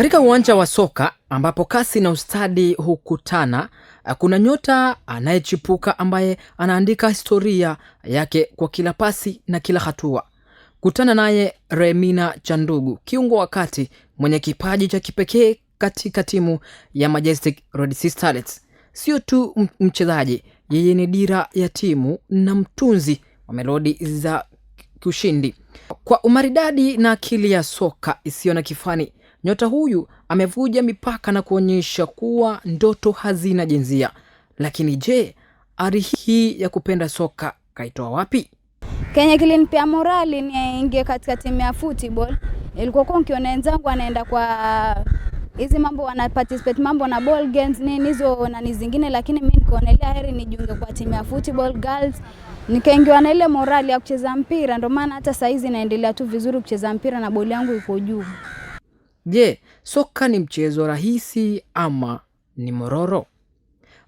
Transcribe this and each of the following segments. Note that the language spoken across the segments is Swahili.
Katika uwanja wa soka ambapo kasi na ustadi hukutana, kuna nyota anayechipuka ambaye anaandika historia yake kwa kila pasi na kila hatua. Kutana naye Remina Chandugu, kiungo wa kati mwenye kipaji cha kipekee katika timu ya Majestic Red Sio tu mchezaji, yeye ni dira ya timu na mtunzi wa melodi za kiushindi. Kwa umaridadi na akili ya soka isiyo na kifani nyota huyu amevuja mipaka na kuonyesha kuwa ndoto hazina jinsia. Lakini je, ari hii ya kupenda soka kaitoa wapi? Kenye kilinipea morali niingie katika timu ya football ilikuwa kwa nkiona wenzangu anaenda kwa hizi mambo wana participate mambo na ball games nini hizo na ni zingine, lakini mimi nikaonelea heri nijiunge kwa timu ya football girls, nikaingiwa na ile morali ya kucheza mpira. Ndio maana hata saa hizi naendelea tu vizuri kucheza mpira na boli yangu iko juu. Je, soka ni mchezo rahisi ama ni mororo?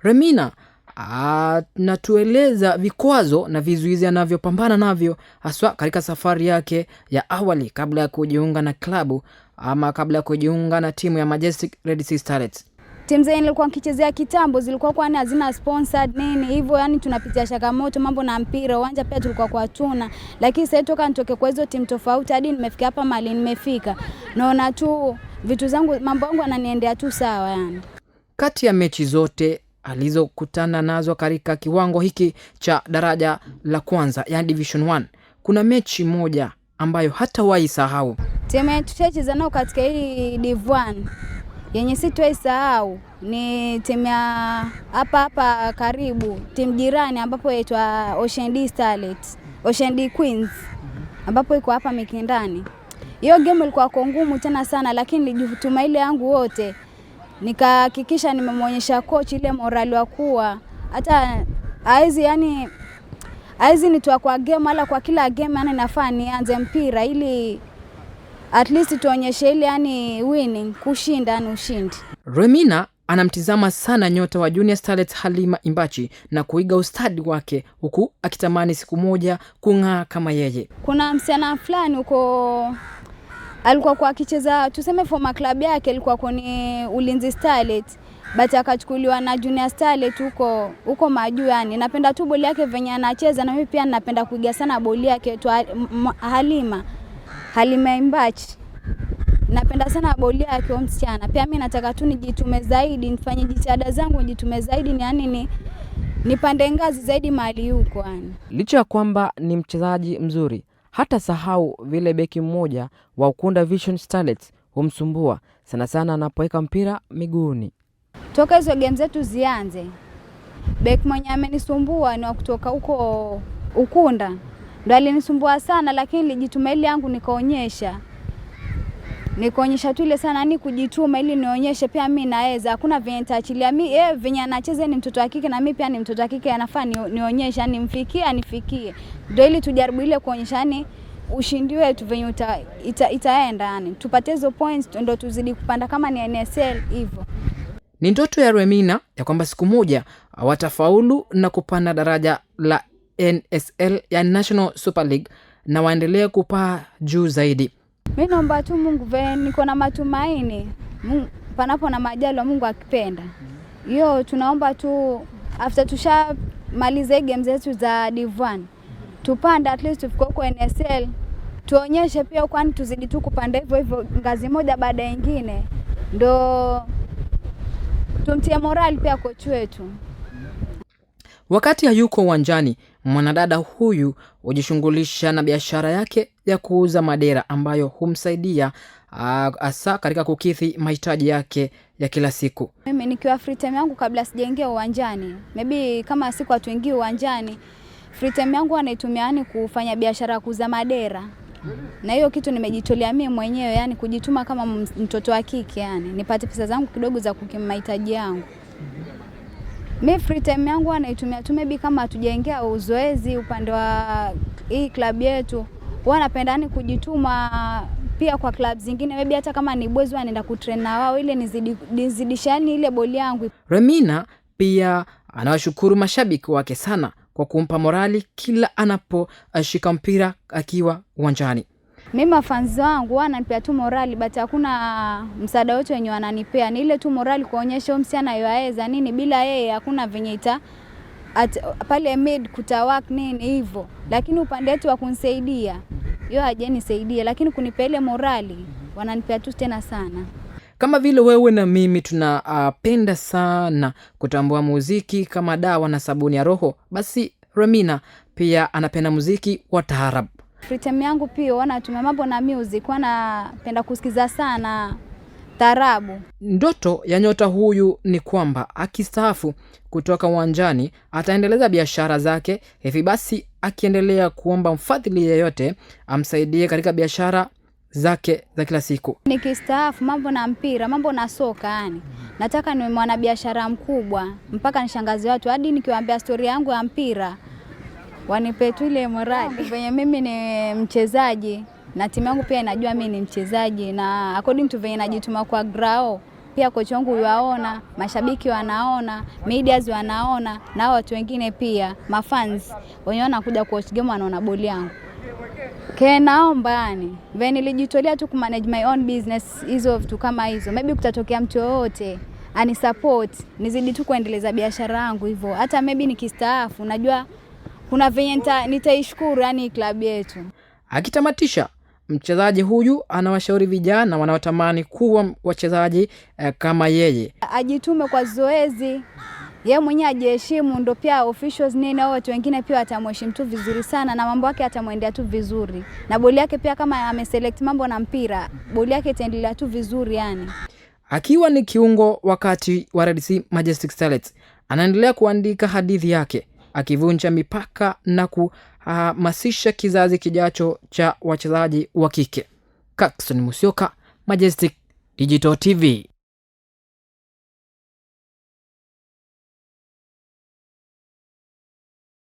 Remina anatueleza vikwazo na vizuizi anavyopambana navyo haswa katika safari yake ya awali kabla ya kujiunga na klabu ama kabla ya kujiunga na timu ya Majestic Red Sea Starlets timu zenye nilikuwa nikichezea kitambo zilikuwa kwa kwani hazina sponsored nini hivyo, yani tunapitia changamoto mambo na mpira, uwanja pia tulikuwa kwa tuna, lakini sasa toka nitoke kwa hizo timu tofauti hadi nimefika hapa mali nimefika, naona tu vitu zangu mambo yangu yananiendea tu sawa. Yani kati ya mechi zote alizokutana nazo katika kiwango hiki cha daraja la kwanza, yani division 1 kuna mechi moja ambayo hatawahi sahau timu tushacheza nao katika hii division yenye sitwaisahau ni timu ya hapa hapa karibu, timu jirani ambapo yaitwa Ocean D Starlet, Ocean D Queens ambapo iko hapa Mikindani. Hiyo game ilikuwa kwa ngumu tena sana, lakini nilijituma ile yangu wote, nikahakikisha nimemwonyesha coach ile morali wa kuwa hata haizi yani haizi nitoa kwa game, wala kwa kila game, yani nafaa nianze mpira ili at least tuonyeshe ile yani winning kushinda ni ushindi. Remina anamtizama sana nyota wa Junior Starlet Halima Imbachi na kuiga ustadi wake huku akitamani siku moja kung'aa kama yeye. Kuna msichana fulani huko alikuwa kwa akicheza tuseme foma club yake alikuwa kwenye Ulinzi Starlet bat akachukuliwa na Junior Starlet huko huko majuu. Yani napenda tu boli yake venye anacheza, na mii pia napenda kuiga sana boli yake tu Halima. Halima Imbachi. Napenda sana Bolia akiwa msichana. Pia mimi nataka tu nijitume zaidi, nifanye jitihada zangu nijitume zaidi, ni yani ni nipande ngazi zaidi mahali huko yani. Licha ya kwamba ni mchezaji mzuri, hata sahau vile beki mmoja wa Ukunda Vision Starlets humsumbua sana sana anapoweka mpira miguuni. Toka hizo game zetu zianze, beki mwenye amenisumbua ni wa kutoka huko Ukunda ndo alinisumbua sana, lakini nilijituma ili yangu nikaonyesha nikaonyesha tu ile sana ni yaani kujituma ili nionyeshe pia mimi naweza. Hakuna venye nitaachilia mimi yeye venye anacheza ni mtoto wa kike na mimi pia ni mtoto wa kike, anafaa ni, nionyeshe, yani mfikie anifikie, ndio ili tujaribu ile kuonyesha yani ushindi wetu venye ita, ita, itaenda yani tupate hizo points ndio tuzidi kupanda kama ni NSL hivyo. Ni ndoto ya Remina ya kwamba siku moja watafaulu na kupanda daraja la NSL ya National Super League na waendelee kupaa juu zaidi. Mi naomba tu Mungu ve, niko na matumaini Mungu, panapo na majalo Mungu akipenda, hiyo tunaomba tu afte tushamaliza game zetu za Divan tupande at least tufike huko NSL tuonyeshe pia, kwani tuzidi tu kupanda hivyo hivyo ngazi moja baada ya ingine ndo tumtie morali pia kochi wetu. Wakati hayuko uwanjani, mwanadada huyu hujishughulisha na biashara yake ya kuuza madera ambayo humsaidia hasa katika kukidhi mahitaji yake ya kila siku. Mimi nikiwa free time yangu kabla sijaingia uwanjani, maybe kama siku hatuingii uwanjani, free time yangu anaitumia yani kufanya biashara ya kuuza madera na hiyo kitu nimejitolea mimi mwenyewe, yani kujituma kama mtoto wa kike, yani nipate pesa zangu kidogo za kukimu mahitaji yangu. Mi free time yangu anaitumia tu maybe kama hatujaingia uzoezi upande wa hii klabu yetu, huwa napenda ni yaani kujituma pia kwa klabu zingine, maybe hata kama ni bwezi anaenda kutrain na wao nizidi, nizidishani ile boli yangu. Remina pia anawashukuru mashabiki wake sana kwa kumpa morali kila anaposhika mpira akiwa uwanjani mimi mafanzi wangu wananipea tu morali but hakuna uh, msaada wote wenye wananipea, ni ile tu morali kuonyesha msichana yaweza nini, bila yeye hakuna venye ita at, pale mid kutawak nini hivyo, lakini upande wetu wa kunisaidia yo hajanisaidia, lakini kunipea ile morali wananipea tu tena sana kama vile wewe na mimi tunapenda uh, sana kutambua muziki kama dawa na sabuni ya roho, basi Romina pia anapenda muziki wa taarabu. Free time yangu pia tumia mambo na music, wanapenda kusikiza sana tarabu. Ndoto ya nyota huyu ni kwamba akistaafu kutoka uwanjani ataendeleza biashara zake, hivi basi akiendelea kuomba mfadhili yeyote amsaidie katika biashara zake za kila siku. Nikistaafu mambo na mpira, mambo na soka, yani nataka niwe mwanabiashara mkubwa, mpaka nishangaze watu hadi nikiwaambia stori yangu ya mpira wanipe tu ile morali venye mimi ni mchezaji na timu yangu pia inajua mimi ni mchezaji, na according to venye najituma kwa grao, pia kocha wangu yuwaona, mashabiki wanaona, medias wanaona, na watu wengine pia mafans wenyewe wanakuja kuwatch game, wanaona boli yangu ke naomba yani, venye nilijitolea tu kumanage my own business, hizo vitu kama hizo, maybe kutatokea mtu yoyote anisupport, nizidi tu kuendeleza biashara yangu hivyo, hata maybe nikistaafu, najua kuna venye nitaishukuru yani klabu yetu. Akitamatisha, mchezaji huyu anawashauri vijana wanaotamani kuwa wachezaji eh, kama yeye ajitume kwa zoezi ye mwenyewe ajiheshimu, ndo pia officials nini au watu wengine pia watamheshimu tu vizuri sana, na mambo yake atamwendea tu vizuri, na boli yake pia, kama ameselect mambo na mpira, boli yake itaendelea tu vizuri yani. Akiwa ni kiungo wakati wa RDC Majestic Starlets, anaendelea kuandika hadithi yake akivunja mipaka na kuhamasisha kizazi kijacho cha wachezaji wa kike. Kakson Musyoka, Majestic Digital TV.